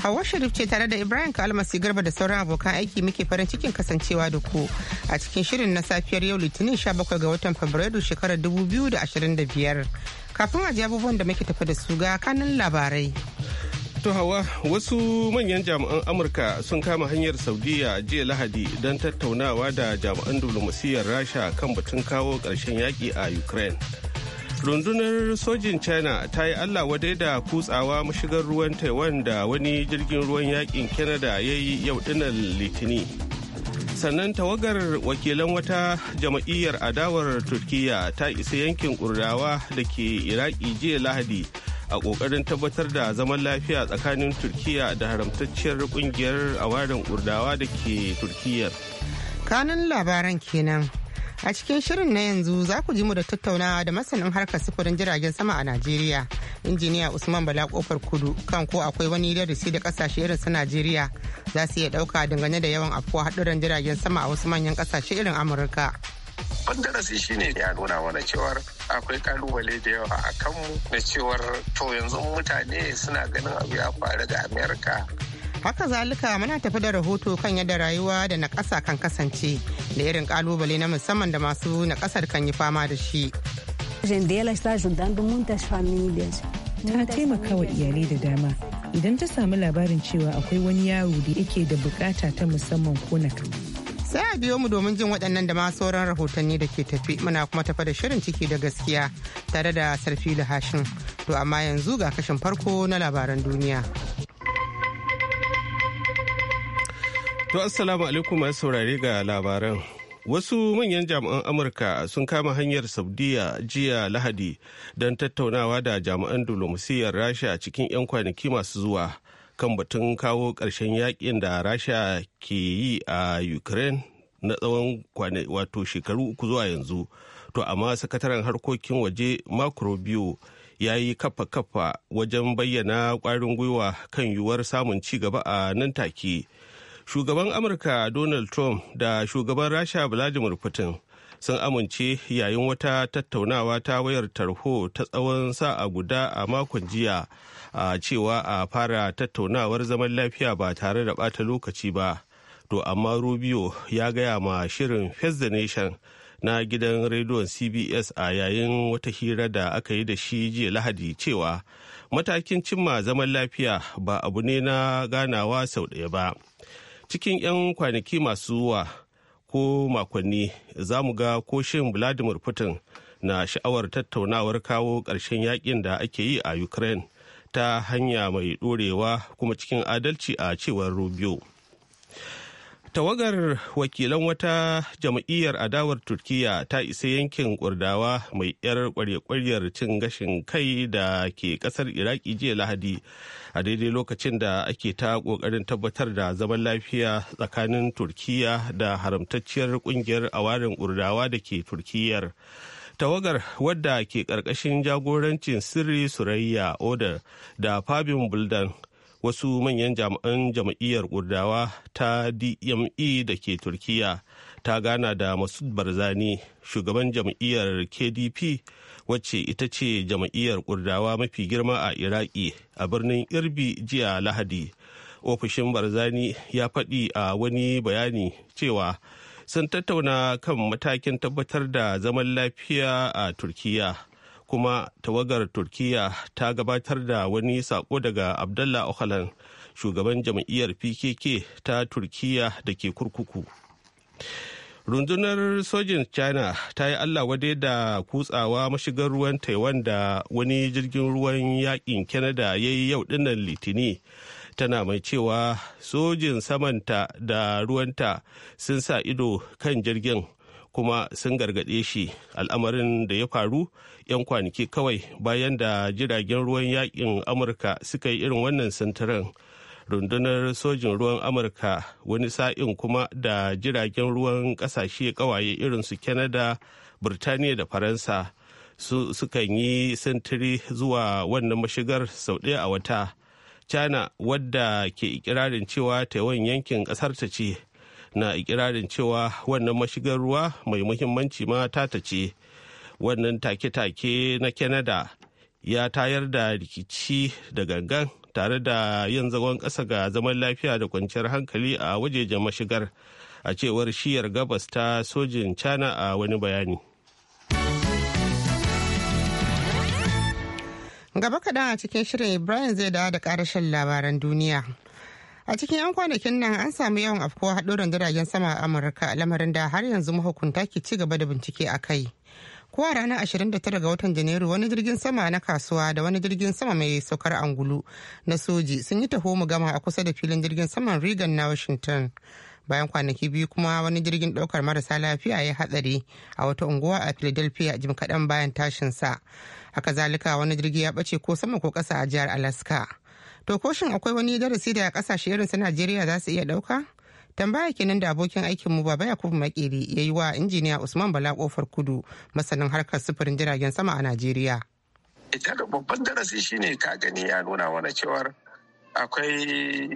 Hawwa Sharif ce tare da Ibrahim Kalmasi Garba da sauran abokan aiki muke farin cikin kasancewa da ku a cikin shirin na safiyar yau Litinin 17 ga watan Fabrairu shekarar 2025. Kafin a ji abubuwan da muke tafi da su ga kanin labarai. To hawa wasu manyan jami'an Amurka sun kama hanyar Saudiya jiya Lahadi don tattaunawa da jami'an diflomasiyyar Rasha kan batun kawo ƙarshen yaƙi a Ukraine. rundunar sojin china ta yi allah wadai da kutsawa mashigar ruwan taiwan da wani jirgin ruwan yakin canada ya yi yau dinar litini sannan tawagar wakilan wata jama'iyyar adawar turkiya ta isa yankin kurdawa da ke iraki jiya lahadi a kokarin tabbatar da zaman lafiya tsakanin turkiya da haramtacciyar kungiyar awarin kurdawa da ke turkiyar kanun labaran kenan A cikin shirin na yanzu za ku ji mu da tattaunawa da masanin harkar sufurin jiragen sama a Najeriya, injiniya Usman Bala kofar kudu kan ko akwai wani darasi da kasashe irin su Najeriya za su iya dauka dangane da yawan afkuwa haɗuran jiragen sama a wasu manyan kasashe irin Amurka. darasi shine ya nuna mana cewar akwai kalubale da yawa a kanmu da cewar to yanzu mutane suna ganin abu ya faru da Amerika haka zalika muna tafi da rahoto kan yadda rayuwa da na ƙasa kan kasance da irin kalubale na musamman da masu na ƙasar kan yi fama da shi ta taimaka wa iyalai da dama idan ta samu labarin cewa akwai wani yaro da yake da bukata ta musamman ko na sai a biyo mu domin jin waɗannan da ma sauran rahotanni da ke tafi muna kuma tafi da shirin ciki da gaskiya tare da sarfi da hashin to amma yanzu ga kashin farko na labaran duniya. To assalamu alaikum masu saurare ga labaran. Wasu manyan jami'an Amurka sun kama hanyar Saudiya jiya Lahadi don tattaunawa da jami'an dolomusiyar Rasha cikin 'yan kwanaki masu zuwa kan batun kawo ƙarshen yakin da Rasha ke yi a Ukraine na tsawon wato shekaru uku zuwa yanzu. To amma sakataren harkokin waje Marco Rubio ya yi kafa-kafa wajen bayyana kwarin gwiwa kan yiwuwar samun ci gaba a nan take. shugaban amurka donald trump da shugaban rasha vladimir putin sun amince yayin wata tattaunawa ta wayar tarho ta tsawon sa'a guda a makon jiya a cewa a fara tattaunawar zaman lafiya ba tare da bata lokaci ba to amma rubio ya gaya ma shirin face the nation na gidan rediyon cbs a yayin wata hira da aka yi da shi jiya lahadi cewa matakin cimma zaman lafiya ba abu ne na ganawa sau ɗaya ba cikin 'yan kwanaki masu zuwa ko makonni za mu ga ko shin vladimir putin na sha'awar tattaunawar kawo ƙarshen yakin da ake yi a ukraine ta hanya mai ɗorewa kuma cikin adalci a cewar rubio tawagar wakilan wata jam'iyyar adawar turkiya ta isa yankin kurdawa mai yar kwarye-kwaryar cin gashin kai da ke kasar iraki jiya lahadi a daidai lokacin da ake ta kokarin tabbatar da zaman lafiya tsakanin turkiya da haramtacciyar kungiyar awarin kurdawa da ke turkiyar tawagar wadda ke karkashin jagorancin sirri surayya odar da fabin buldan wasu manyan jami'an jam'iyyar kurdawa ta dme da ke turkiya ta gana da masud barzani shugaban jam'iyyar kdp wacce ita ce jam'iyyar kurdawa mafi girma a iraki a birnin irbi jiya lahadi ofishin barzani ya faɗi a wani bayani cewa sun tattauna kan matakin tabbatar da zaman lafiya a turkiya kuma tawagar turkiya ta gabatar da wani sako daga abdullah ocalan shugaban jam'iyyar pkk ta turkiya da ke kurkuku rundunar sojin china ta yi allah wade da kutsawa mashigar ruwan taiwan da wani jirgin ruwan yakin canada ya yi yau dinnan litini tana mai cewa sojin samanta da ruwanta sun sa ido kan jirgin kuma sun gargaɗe shi al'amarin da ya faru 'yan kwanaki kawai bayan da jiragen ruwan yakin amurka suka yi irin wannan sintirin rundunar sojin ruwan amurka wani sa'in kuma da jiragen ruwan ƙasashe kawaye irin su canada birtaniya da faransa sukan yi sintiri zuwa wannan mashigar sau ɗaya a wata china wadda ke ikirarin cewa taiwan yankin ta ce na ikirarin cewa wannan mashigar ruwa mai muhimmanci ma tata ce wannan take-take na canada ya tayar da rikici da gangan tare da yin zagon ƙasa ga zaman lafiya da kwanciyar hankali a wajejen mashigar a cewar shiyar gabas ta sojin china a wani bayani gaba kaɗan a cikin shirin brian zai dawo da ƙarashin labaran duniya a cikin 'yan kwanakin nan an samu yawan afkuwa haɗuran jiragen sama a amurka lamarin da har yanzu mahukunta ke ci gaba da bincike a kai ko a ranar 29 ga watan janairu wani jirgin sama na kasuwa da wani jirgin sama mai saukar angulu na soji sun yi taho mu gama a kusa da filin jirgin saman reagan na washington bayan kwanaki biyu kuma wani jirgin ɗaukar marasa lafiya ya hatsari a wata unguwa a philadelphia jim kaɗan bayan tashinsa haka zalika wani jirgi ya ɓace ko sama ko ƙasa a jihar alaska To ko shin akwai wani darasi da kasashe irin su Najeriya za su iya dauka? Tambaya kenan da abokin aikin mu Baba Yakubu Makeri ya yi wa injiniya Usman Bala kofar kudu masanin harkar sufurin jiragen sama a Najeriya. Ita da babban darasi shine ka gani ya nuna mana cewar akwai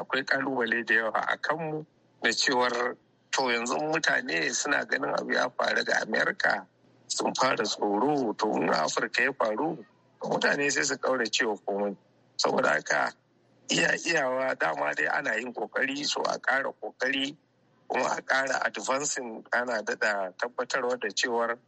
akwai kalubale da yawa a kanmu da cewar to yanzu mutane suna ganin abu ya faru da Amerika sun fara tsoro to in Afirka ya faru mutane sai su kaura cewa komai saboda haka iya iyawa dama dai ana yin kokari so a ƙara kokari kuma a ƙara advancing ana daɗa tabbatarwa da cewar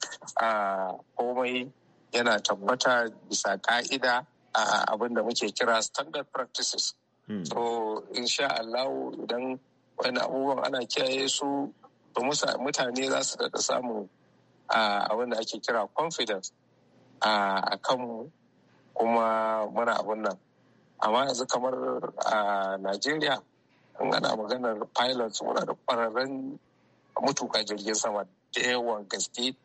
komai yana tabbata bisa ƙa'ida a abin da muke kira standard practices hmm. so insha Allah idan wani abubuwan ana kiyaye su mutane za su daɗa samu abin da ake kira confidence a kanmu kuma muna abin nan amma yanzu kamar a najeriya in ana maganar pilots muna da ƙwararren mutuka jirgin sama da yawan gaske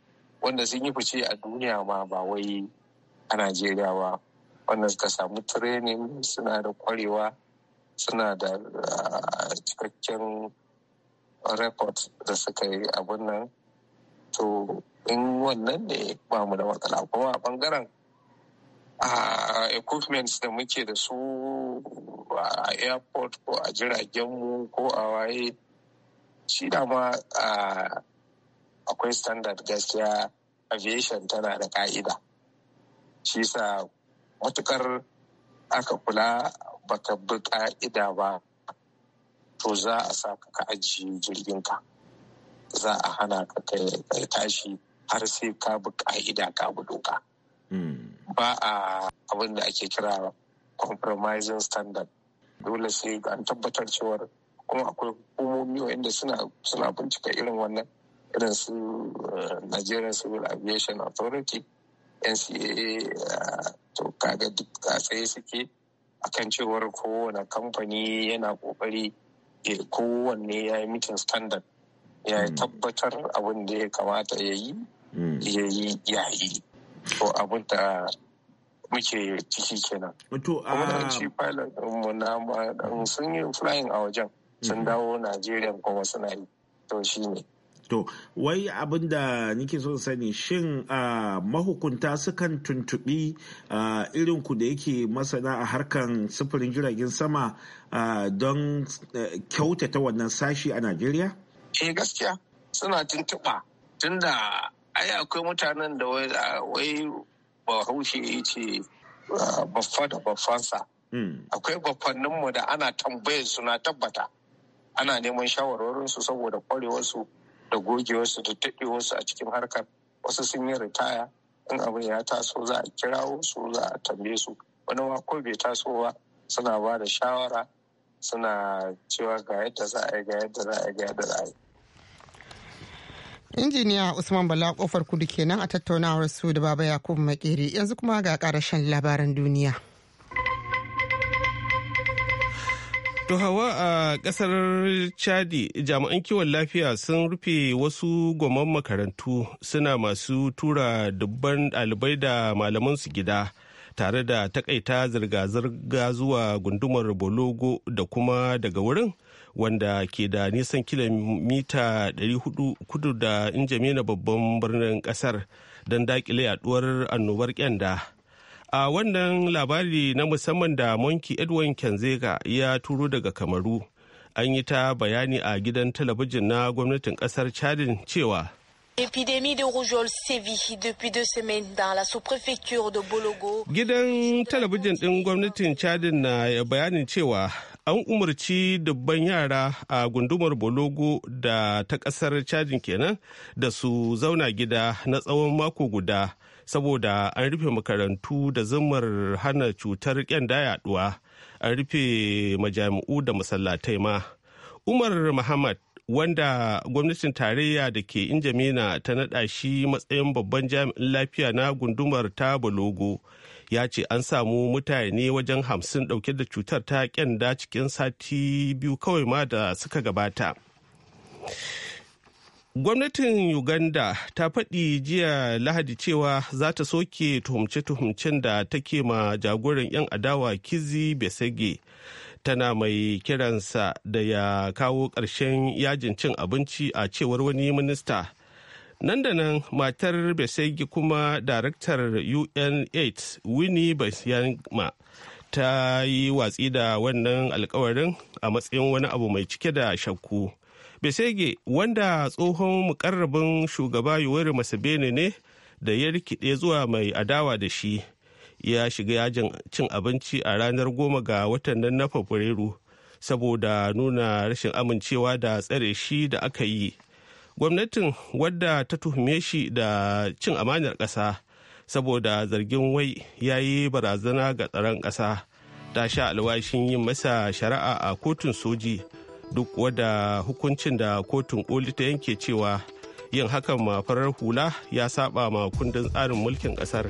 wanda sun yi fice a duniya ma ba wai a najeriya ba wanda suka samu training suna da ƙwarewa suna da cikakken record da suka yi abin nan to in wannan ne ba mu da matsala kuma a bangaren a equipments da muke da su a airport ko a jiragenmu ko a waye shi dama akwai standard gaskiya aviation tana da ka'ida shi sa matukar aka kula baka bi ka'ida ba to za a sa ka ajiye jirginka za a hana ka tashi har sai ka bi ka'ida ka bi doka. ba a abin da ake kira compromising standard dole sai an tabbatar cewar kuma akwai hukumomi wanda suna bincika irin wannan irin su eh, Nigerian Civil Aviation Authority NCAA eh, to kaga duk tsaye suke akan cewar kowane kamfani yana kokari kowanne ya yi mutum standard ya hmm. tabbatar abin da ya kamata ya yi hmm. ya yi ya yi to abin da muke ciki kenan to a ah, ci pilot mu na sun yi flying a wajen sun mm-hmm. dawo Najeriya kuma suna yi to shine To, wai abin da nike so sani shin a ah, mahukunta sukan tuntuɓi ah, irin ku da yake masana a harkan sufurin jiragen sama don eh, kyautata wannan sashi a Najeriya? Eh gaskiya suna tuntuɓa tunda ai akwai mutanen da wai bahaushe ya ce baffa da baffansa hmm. akwai mu da ana tambayar su na tabbata ana neman shawarwarinsu saboda kwarewarsu da gogewarsu da daɗewarsu a cikin harkar wasu sun yi ritaya in abin ya taso za a kirawo su za a tambaye su wani ma ko bai taso ba suna ba da shawara suna cewa ga yadda za a yi ga yadda za a yi ga yadda za a yi injiniya usman bala kofar kudu kenan a tattaunawar su da baba yakubu makeri yanzu kuma ga karashen labaran duniya To hawa a kasar Chadi jami'an kiwon lafiya sun rufe wasu gwamman makarantu suna masu tura dubban ɗalibai da malamansu gida tare da takaita zirga-zirga zuwa gundumar Bologo da kuma daga wurin wanda ke da nisan kilomita 400 kudu da injamena babban birnin kasar don dakile yaduwar annobar kyanda a wannan labari na musamman da monkey edwin kenzega ya turo daga kamaru an yi ta bayani a gidan talabijin na gwamnatin kasar chadin cewa L'épidémie de rougeole sévit depuis deux semaines dans la sous-préfecture de Bologo. Gidan talabijin ɗin gwamnatin Chadin na bayanin cewa an umarci dubban yara a gundumar bologo da ta kasar cajin kenan da su zauna gida na tsawon mako guda saboda an rufe makarantu da zumar hana cutar kyanda yaduwa an rufe majami'u da masallatai ma umar muhammad wanda gwamnatin tarayya da ke injamina ta naɗa shi matsayin babban jami'in lafiya na gundumar ta Bologo. ya ce an samu mutane wajen hamsin dauke da cutar ta kyanda cikin sati biyu kawai ma da suka gabata gwamnatin uganda ta faɗi jiya lahadi cewa za ta soke tuhumce-tuhumcen da take ma jagoran 'yan adawa kizi besege tana mai kiransa da ya kawo ƙarshen yajin cin abinci a cewar wani minista nan da nan matar besegi kuma daraktar unaids winnie basyama ta yi watsi da wannan alkawarin a matsayin wani abu mai cike da shakku besege wanda tsohon mukarrabin shugaba masa masabene ne da ya rikide zuwa mai adawa da shi ya shiga yajin cin abinci a ranar goma ga watan nan na fabrairu saboda nuna rashin amincewa da tsare shi da aka yi gwamnatin wadda ta tuhume shi da cin amanar ƙasa saboda zargin wai ya yi barazana ga tsaron ƙasa ta sha alwashin yin masa shari'a a kotun soji duk wadda hukuncin da kotun koli ta yanke cewa yin hakan ma farar hula ya saba ma kundin tsarin mulkin ƙasar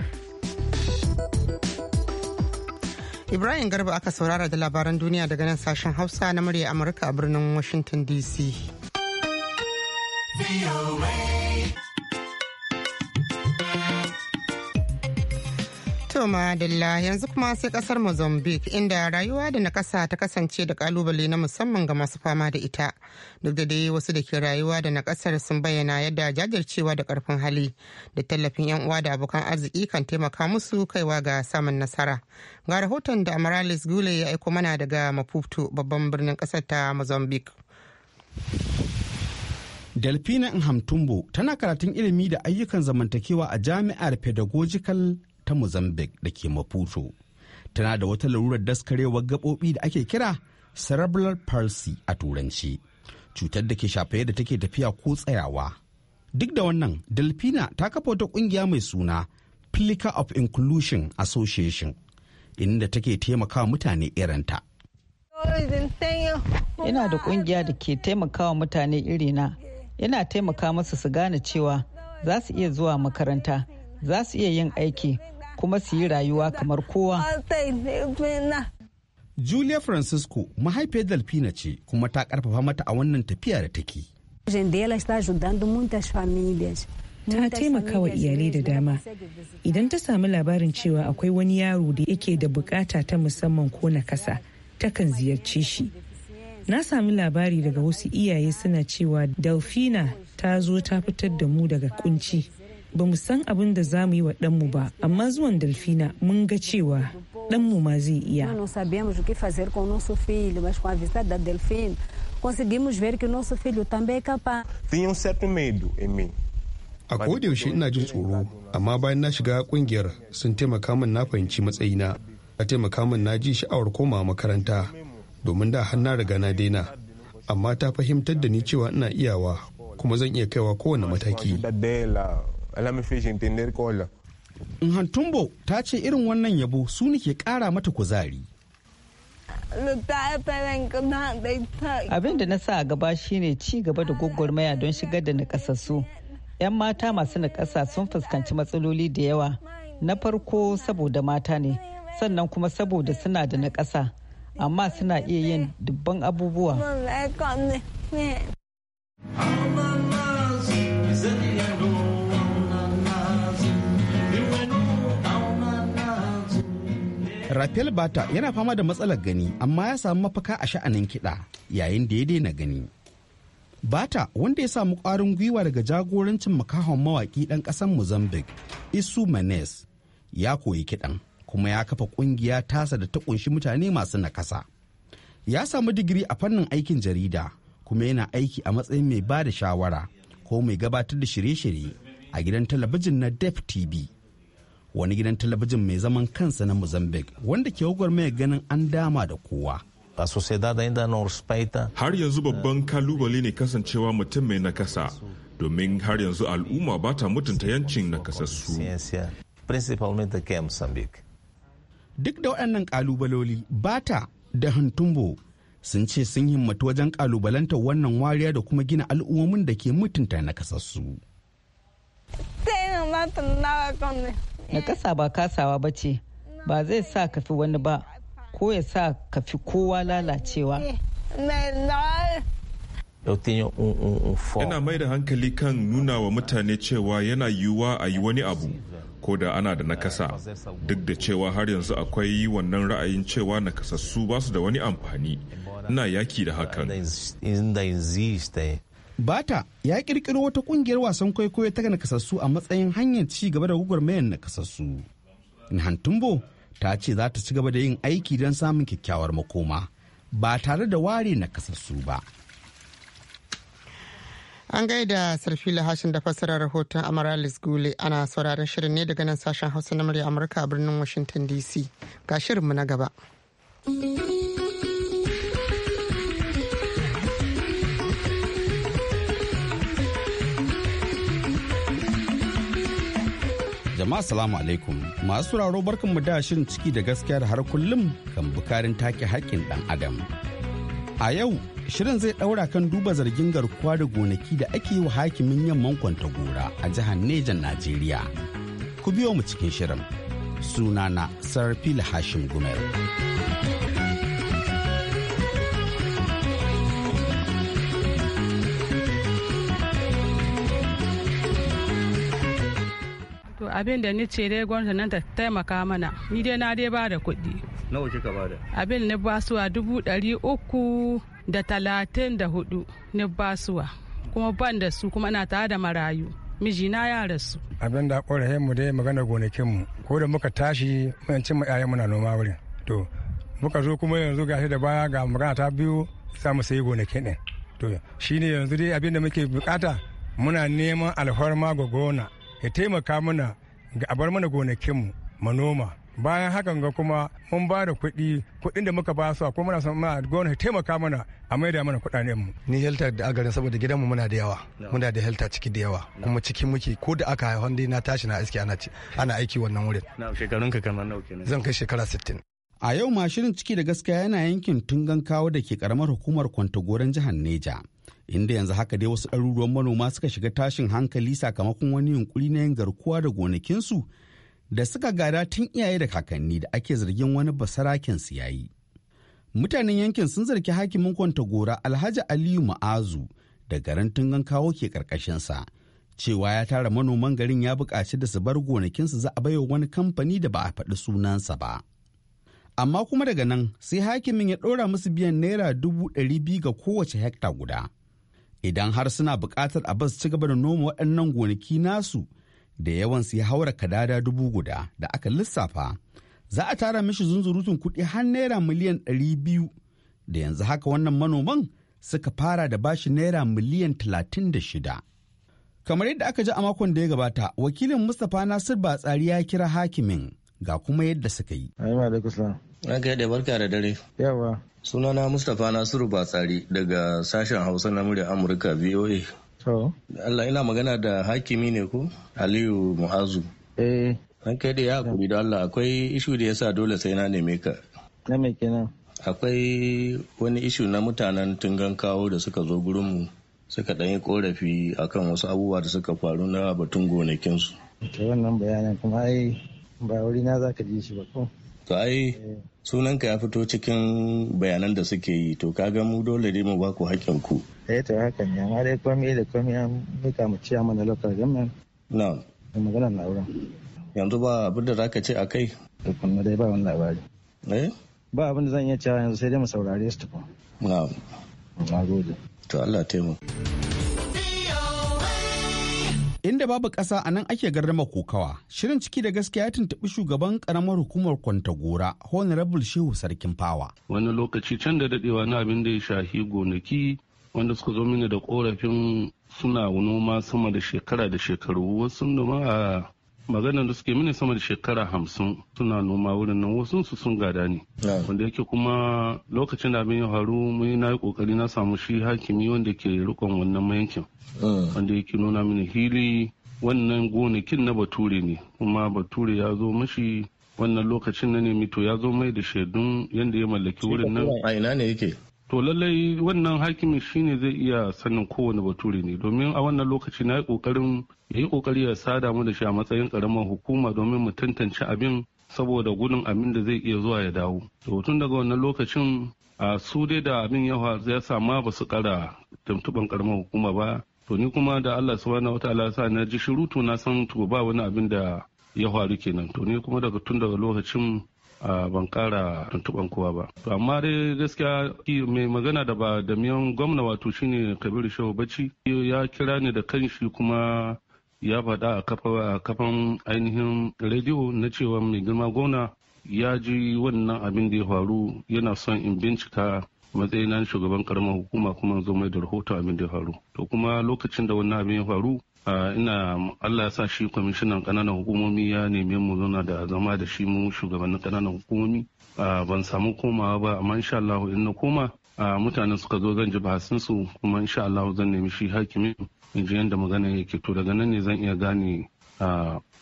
ibrahim garba aka saurara da labaran duniya daga nan sashen hausa na murya amurka a birnin washington dc Toma Dilla yanzu kuma sai kasar Mozambique inda rayuwa da na kasa ta kasance da kalubale na musamman ga masu fama da ita. Duk da dai wasu da ke rayuwa da na kasar sun bayyana yadda jajircewa da karfin hali da tallafin yan uwa da abokan arziki kan taimaka musu kaiwa ga samun nasara. Ga rahoton da Amaralis Gule ya aiko mana daga Maputo babban birnin kasar ta Mozambique. Delphine Nhamtumbo tana karatun ilimi da ayyukan zamantakewa a jami'ar pedagogical ta mozambique da ke maputo tana da wata larurar daskarewar gaɓoɓi da ake kira cerebral palsy a turanci cutar da ke shafe da take tafiya ko tsayawa duk da wannan Delphine ta kafa wata ƙungiya mai suna plica of inclusion association inda take taimakawa mutane irinta ina da kungiya da ke taimakawa mutane irina yana taimaka masa su gane cewa za su iya zuwa makaranta za su iya yin aiki kuma su yi rayuwa kamar kowa julia francisco mahaifiyar delfina ce kuma ta karfafa mata a wannan tafiya da take ta taimaka wa iyalai da dama idan ta sami labarin cewa akwai wani yaro da yake da bukata ta musamman ko na kasa takan ziyarce shi na sami labari daga wasu iyaye suna cewa delfina ta zo ta fitar da mu daga kunci ba mu san abin da za mu yi wa ɗanmu ba amma zuwan delfina mun ga cewa ɗanmu ma zai iya conseguimos ver que o A kodayaushe ina jin tsoro, amma bayan na shiga kungiyar sun taimaka min na fahimci matsayina, a taimaka min na ji sha'awar komawa makaranta. domin da har na riga na daina amma ta fahimtar da ni cewa ina iyawa kuma zan iya kaiwa kowane mataki Nhantumbo ta ce irin wannan yabo su ne ke ƙara mata kuzari. Abin da na sa a gaba shine ci gaba da gwagwarmaya don shigar da nakasassu. 'Yan mata masu nakasa sun fuskanci matsaloli da yawa. Na farko saboda mata ne, sannan kuma saboda suna da nakasa. amma suna iya yin dubban abubuwa. Rafael Bata yana fama da matsalar gani amma ya samu mafaka a sha'anin kiɗa yayin da ya daina gani. Bata wanda ya samu ƙwarin gwiwa daga jagorancin makahon mawaƙi ɗan ƙasar Mozambique, Isu Manes, ya koyi kiɗan. kuma ya kafa kungiya tasa da ta kunshi mutane masu nakasa ya samu digiri a fannin aikin jarida kuma yana aiki a matsayin mai ba da shawara ko mai gabatar da shirye-shirye a gidan talabijin na def tv wani gidan talabijin mai zaman kansa na mozambique wanda ke mai ganin an dama da kowa Har yanzu babban kalubale ne kasancewa mutum mai nakasa, domin har yanzu al'umma ba ta mutunta yancin nakasassu. Principalmente aqui em Moçambique. duk da waɗannan ƙalubaloli bata da hantumbo sun ce sun himmatu wajen ƙalubalantar wannan wariya da kuma gina al'ummomin da ke mutunta na kasassu. Na kasa ba kasawa ba ce, ba zai sa kafi wani ba, ko ya sa kafi kowa lalacewa. Um, um, um ina mai da hankali kan nuna wa mutane cewa yana yiwuwa a yi wani abu ko da ana da nakasa duk da cewa har yanzu akwai wannan ra'ayin cewa nakasassu ba su da wani amfani ina yaki da hakan bata ya kirkiro wata kungiyar wasan kwaikwayo ta nakasassu a matsayin hanyar ci gaba da gwagwarmayar nakasassu Nhantumbo ta ce za ta ci gaba da yin aiki don samun kyakkyawar makoma ba tare da ware nakasassu ba An gaida sarfi lahashin da fassarar rahoton Amaralis Gule ana sauraron shirin ne daga nan sashen Hausa na murya Amurka a birnin Washington DC. Ga shirinmu na gaba. Jama'a salamu alaikum masu sauraro barkanmu da shirin ciki da gaskiya da har kullum kan bukarin take haƙƙin ɗan adam. A yau shirin zai ɗaura kan duba zargin garkuwa da gonaki da ake yi wa hakimin yamman gora a jihar nejan najeriya ku biyo mu cikin shirin sunana sarfil hashim gumel abin da ni ce dai gwamnati nan ta taimaka mana ni dai na dai ba da kuɗi nawa kika ba da abin su basuwa dubu ɗari uku da talatin da hudu ni basuwa kuma ban da su kuma na tare da marayu mijina ya rasu abin da ƙorafe mu dai magana gonakin mu ko da muka tashi mun cin mu muna noma wurin to muka zo kuma yanzu shi da baya ga magana ta biyu za mu sayi gonakin ɗin to shine yanzu dai abin da muke bukata muna neman alfarma ga gona ya taimaka mana ga abar mana gonakin mu manoma bayan hakan ga kuma mun ba da kuɗi kuɗin da muka ba su a kuma muna son muna taimaka mana a maida mana kuɗaɗen mu ni helta da agarin saboda gidan mu muna da yawa muna da helta ciki da yawa kuma ciki muke ko da aka haifan dai na tashi na iske ana aiki wannan wurin na shekarun ka kamar nawa kenan zan kai shekara 60 a yau ma shirin ciki da gaskiya yana yankin tungan kawo da ke karamar hukumar kwantagoran jihar Neja inda yanzu haka dai wasu ɗaruruwan manoma suka shiga tashin hankali sakamakon wani yunkuri na yin garkuwa da gonakinsu su da suka gada tun iyaye da kakanni da ake zargin wani basaraken su yayi. Mutanen yankin sun zargi hakimin gora Alhaji Aliyu Ma'azu da garin Tungan kawo ke karkashinsa cewa ya tara manoman garin ya buƙaci da su bar gonakinsu za a baiwa wani kamfani da ba a faɗi sunansa ba. Amma kuma daga nan sai hakimin ya ɗora musu biyan naira dubu ɗari biyu ga kowace hekta guda. Idan har suna buƙatar a bas ci gaba da noma waɗannan gonaki nasu da yawan su ya haura kadada dubu guda da aka lissafa za a tara mishi zunzurutun kuɗi har naira miliyan ɗari biyu da yanzu haka wannan manoman suka fara da bashi naira miliyan talatin da shida. kamar yadda aka ji a makon da ya gabata wakilin mustapha nasir batsari ya kira hakimin ga kuma yadda suka yi kai da barka da dare. Yawa. Sunana Mustapha Nasiru Batsari daga sashen Hausa na murya Amurka VOA. Allah ina magana da hakimi ne ko Aliyu Mu'azu. Eh. An kai da ya hakuri da Allah akwai ishu da yasa dole sai na neme ka. Na me kenan? Akwai wani ishu na mutanen tungan kawo da suka zo gurinmu suka ɗan yi korafi akan wasu abubuwa da suka faru na batun gonakinsu. Wannan bayanan kuma ai ba wuri na za ka ji shi ba ko? to ai eh. sunanka ya fito cikin bayanan da suke yi to kaga mu dole ne mu ba ku haƙƙin ku eh to hakan ne amma dai komai da komai an mika mu ciya mana local government na magana na wurin yanzu ba abin da zaka ce akai to kuma dai ba wannan labari eh ba abin da zan iya cewa yanzu sai dai mu saurare su tukun na gode to Allah taimaka Inda babu ƙasa a nan ake garrama kokawa, shirin ciki da gaskiya ya tuntuɓi shugaban karamar hukumar Kwantagora, Honorable Shehu Sarkin Fawa. Wani lokaci can da daɗewa na abin da ya shahi gonaki wanda suka zo mini da korafin suna noma sama da shekara da shekaru wasu noma a maganar da suke mini sama da shekara hamsin suna noma wurin nan wasu su sun gada ne wanda yake kuma lokacin da abin ya faru mai na yi kokari na samu shi hakimi wanda ke rikon wannan mayankin wanda yake nuna mini hili wannan gonakin na bature ne kuma bature ya zo mashi wannan lokacin na nemi to ya zo mai da shaidun yadda ya mallaki wurin nan a ina ne yake to lallai wannan hakimin shine zai iya sanin kowane bature ne domin a wannan lokaci na yi kokarin ya yi kokari ya sada mu da shi a matsayin karamar hukuma domin mu tantance abin saboda gudun abin da zai iya zuwa ya dawo to tun daga wannan lokacin a su dai da abin yawa ya ma ba su kara tuntuban karamar hukuma ba to ni kuma da Allah subhanahu wataala sa na ji shiru to na san to ba wani abin da ya faru kenan to ni kuma daga tun daga lokacin A ban kara tuntuban kowa ba to amma dai gaskiya mai magana da ba da miyan gwamna wato shine kabiru shehu bacci ya kira ni da kanshi kuma ya faɗa a kafan ainihin rediyo na cewa mai girma gona ya ji wannan abin da ya faru yana son in bincika matsayin shugaban karamar hukuma kuma zo mai da rahoton abin da ya faru to kuma lokacin da wannan abin ya faru ina allah sa shi kwamishinan kananan hukumomi ya neme mu zauna da zama da shi mu shugabannin kananan hukumomi ban samu komawa ba amma insha allah in na koma mutanen suka zo zan ji bahasin su kuma insha allah zan nemi shi hakimi in ji yadda magana yake to daga nan ne zan iya gane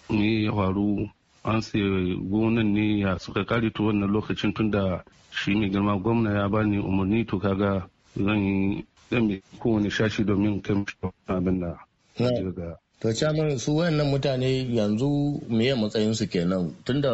me ya faru an sai gonan ne ya suka kare to wannan lokacin tunda shi mai girma gwamna ya bani umarni to kaga zan yi zan bi kowane shashi domin kai abin da To caman su wayannan mutane yanzu meye matsayin su kenan tunda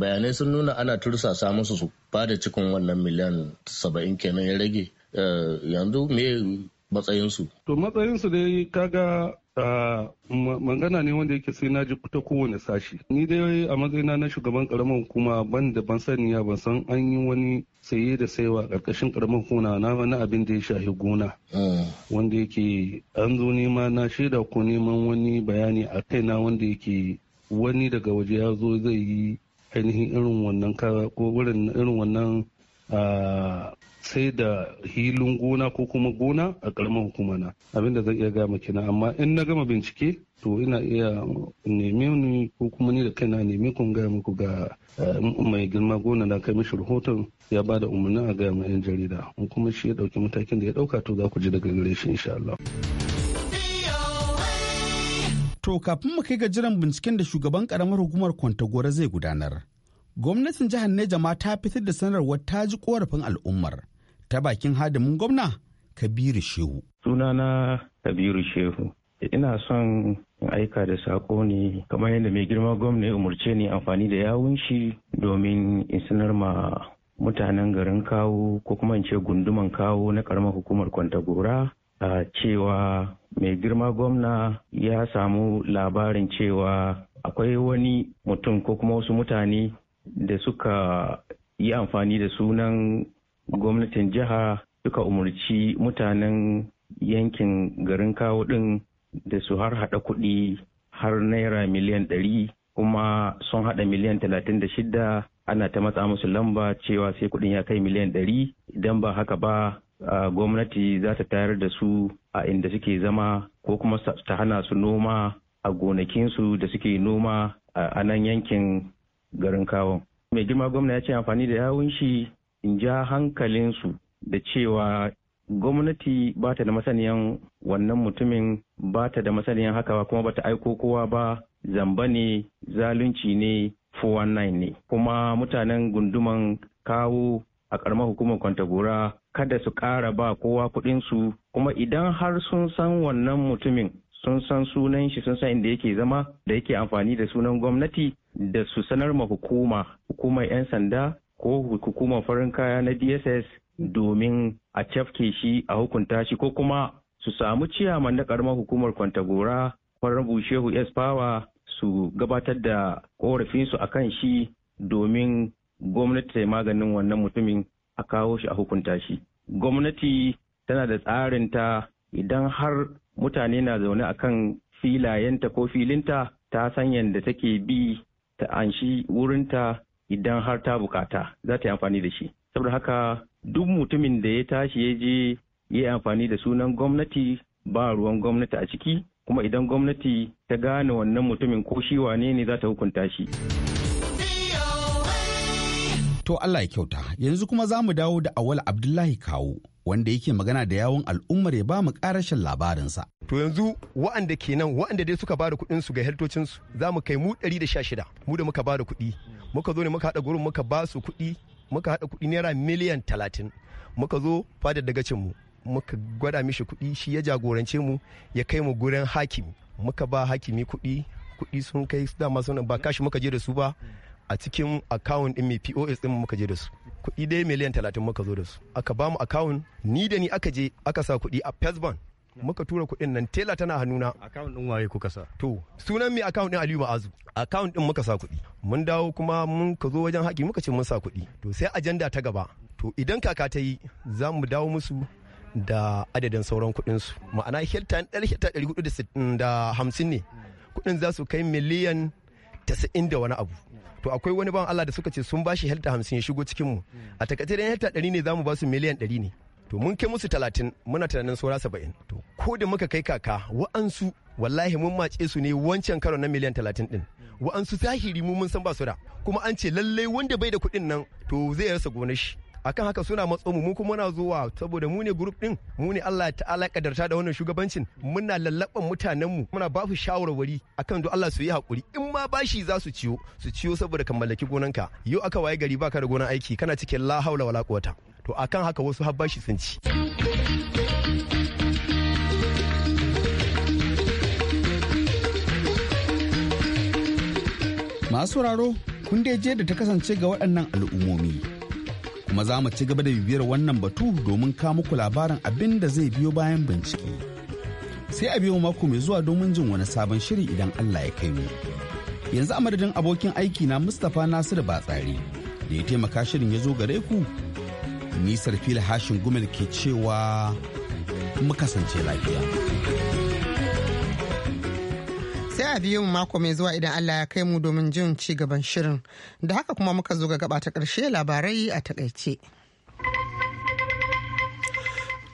bayanai sun nuna ana tursasa musu su bada cikin wannan miliyan saba'in kenan ya rage eh, yanzu meye matsayin su. To matsayin su dai kaga Ah, magana ne wanda yake sai na ji ta kowane sashi ni dai a matsayina na shugaban karamar hukuma ban da ban saniya ban san an yi wani saye da saiwa karkashin karamar hukuma na wani abin da ya shahi gona ah. wanda yake an zo nema na shaida ko neman wani bayani a kaina wanda yake wani daga waje ya zo zai yi ainihin irin wannan ko irin wannan ah, sai da hilin gona ko kuma gona a karamar hukuma na abinda zan iya gama kina amma in na gama bincike to ina iya neme ni ko kuma ni da kaina neme kun gaya muku ga eh, mai girma gona na kai mishi rahoton ya ba da umarni a gaya ma 'yan jarida in kuma shi ya ɗauki matakin da ya ɗauka to za ku ji daga gare shi insha Allah. To kafin mu kai ga jiran binciken da shugaban karamar hukumar Kwantagora zai gudanar. Gwamnatin jihar Neja ma ta fitar da sanarwar ta ji korafin al'ummar ta bakin hadimin gwamna kabiru shehu sunana kabiru shehu ina son aika da sako ne kamar yadda mai girma gwamna ya umarce ni amfani da yawun shi domin in sanar ma mutanen garin kawo ko kuma in ce gunduman kawo na karamar hukumar kwantagora a cewa mai girma gwamna ya samu labarin cewa akwai wani mutum ko kuma wasu mutane da suka yi amfani da sunan gwamnatin jiha suka umarci mutanen yankin garin kawo ɗin da su har haɗa kuɗi har naira miliyan ɗari kuma sun haɗa miliyan talatin da shida ana ta matsa musu lamba cewa sai kuɗin ya kai miliyan ɗari idan ba haka ba gwamnati za ta tayar da su a inda suke zama ko kuma ta hana su noma a gonakinsu da suke noma a nan yankin garin kawon. mai girma gwamna ya ce amfani da yawun shi in ja hankalinsu da cewa gwamnati ba ta da masaniyan wannan mutumin ba ta da masaniyan haka ba kuma ba ta aiko kowa ba zamba ne zalunci ne 419 ne kuma mutanen gunduman kawo a karamar hukumar kwantagora kada su kara ba kowa kuɗinsu kuma idan har sun san wannan mutumin sun san sunan shi sun san inda yake zama da yake amfani da sunan gwamnati da su sanar ma hukuma hukumar 'yan sanda ko hukumar farin kaya na dss domin a cafke shi a hukunta shi ko kuma su samu ciyaman na karamar hukumar kwantagora farin bushehu s power su gabatar da korafinsu a kan shi domin gwamnati ta maganin wannan mutumin a kawo shi a hukunta shi gwamnati tana da tsarin ta idan har mutane na zaune a kan filayenta ko filinta ta san yadda take bi ta anshi wurinta idan har ta bukata za ta yi amfani da shi saboda haka duk mutumin da ya tashi ya je ya yi amfani da sunan gwamnati ba ruwan gwamnati a ciki kuma idan gwamnati ta gane wannan mutumin ko shi wane ne za ta hukunta shi. To Allah ya kyauta yanzu kuma za mu dawo da awal Abdullahi Kawo wanda yake magana da yawon al'ummar ya ba mu karashin labarinsa. To yanzu wa'anda kenan wa'anda dai suka ba da su ga heltocinsu za mu kai mu 116 mu da muka ba da kuɗi muka zo ne muka haɗa gurin muka ba su kuɗi muka haɗa kuɗi naira miliyan talatin muka zo fada dagacin mu muka gwada mishi kuɗi shi ya jagorance mu ya kai mu gurin hakimi muka ba hakimi kuɗi kuɗi sun kai dama suna ba kashi muka je da su ba a cikin akawun din mai pos din muka je da su kuɗi dai miliyan talatin muka zo da su aka ba mu akawun ni da ni aka je aka sa kuɗi a pesban muka tura kuɗin nan tela tana hannuna account din waye kuka sa to sunan mi account din Aliyu Ma'azu account din muka sa kuɗi mun dawo kuma mun ka zo wajen haƙi muka ce mun sa kuɗi to sai agenda ta gaba to idan kaka ta yi za mu dawo musu da adadin sauran kuɗin su ma'ana helta mm, hamsin ne kuɗin za su kai miliyan tasa'in da wani abu to akwai wani ban Allah da suka ce sun bashi helta hamsin ya shigo cikin mu a takaice dai helta ɗari ne za mu ba su miliyan ɗari ne to mun kai musu talatin muna tunanin saura saba'in to ko da muka kai kaka wa'ansu wallahi mun mace su ne wancan karo na miliyan talatin din wa'ansu zahiri mu mun san ba su da kuma an ce lallai wanda bai da kuɗin nan to zai rasa gonar shi akan haka suna matso mu kuma muna zuwa saboda mu ne group din mu ne Allah ta'ala kadarta da wannan shugabancin muna lallaban mutanen mu muna ba su shawarwari akan do Allah su yi hakuri in ma bashi za su ciyo su ciyo saboda kan mallaki gonanka yau aka waye gari baka da gonan aiki kana cikin la haula wala quwata to akan haka wasu habashi shi sun ci masu sauraro kun dai da ta kasance ga waɗannan al'ummomi kuma za mu ci gaba da bibiyar wannan batu domin ka muku labarin abin da zai biyo bayan bincike sai a biyo mako mai zuwa domin jin wani sabon shiri idan Allah ya kai mu yanzu a madadin abokin aiki na Mustapha Nasiru Batsari da ya taimaka shirin ya zo gare ku nisar fili hashin gumel ke cewa kasance lafiya sai a biyu mako mai zuwa idan allah ya kai mu domin jin ci gaban shirin da haka kuma muka zo ga gaba ta ƙarshe labarai a takaice.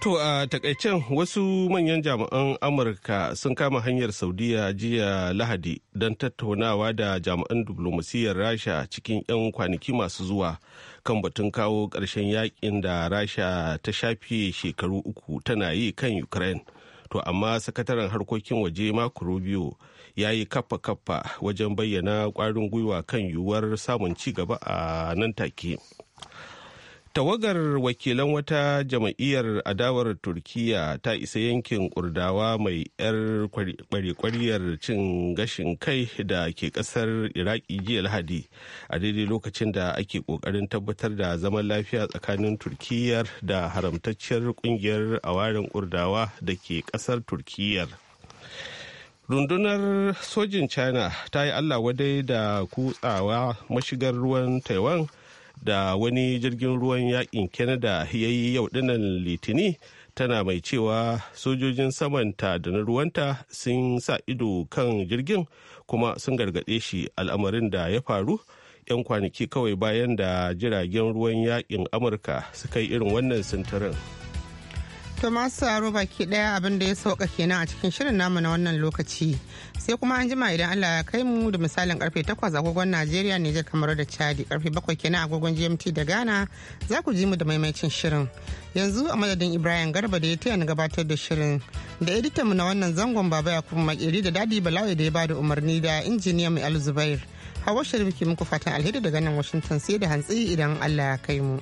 To a takaicen wasu manyan jami'an Amurka sun kama hanyar Saudiya jiya Lahadi don tattaunawa da jami'an diplomasiyyar Rasha cikin 'yan kwanaki masu zuwa kan batun kawo ƙarshen yakin da Rasha ta shafe shekaru uku tana yi kan Ukraine. To amma sakataren harkokin waje Marco Rubio ya yi kafa-kafa wajen bayyana kwarin gwiwa kan yiwuwar samun ci gaba a nan take. tawagar wakilan wata jama'iyyar adawar turkiya ta isa yankin kurdawa mai 'yar kwarikwariyar cin gashin kai da ke kasar iraki jiya lahadi a daidai lokacin da ake kokarin tabbatar da zaman lafiya tsakanin turkiyyar da haramtacciyar kungiyar awarin kurdawa da ke kasar turkiyyar rundunar sojin china ta yi allah wadai da kutsawa mashigar ruwan taiwan da wani jirgin ruwan yakin canada ya yi yau dinnan litini tana mai cewa sojojin samanta da na ruwanta sun sa ido kan jirgin kuma sun gargaɗe shi al'amarin da ya faru 'yan kwanaki kawai bayan da jiragen ruwan yakin amurka suka yi irin wannan sintirin. To masu saro baki daya abin da ya sauka kenan a cikin shirin namu na wannan lokaci. Sai kuma an jima idan Allah ya kai mu da misalin karfe takwas agogon Najeriya Nijar kamar da Chadi karfe bakwai kenan agogon GMT da Ghana za ku ji mu da maimaicin shirin. Yanzu a madadin Ibrahim Garba da ya taya ni gabatar da shirin da editan mu na wannan zangon baba ya kuma makeri da dadi Balawe da ya bada umarni da injiniya mai Al Zubair. Hawa Sharif ke muku fatan alheri daga nan Washington sai da hantsi idan Allah ya kai mu.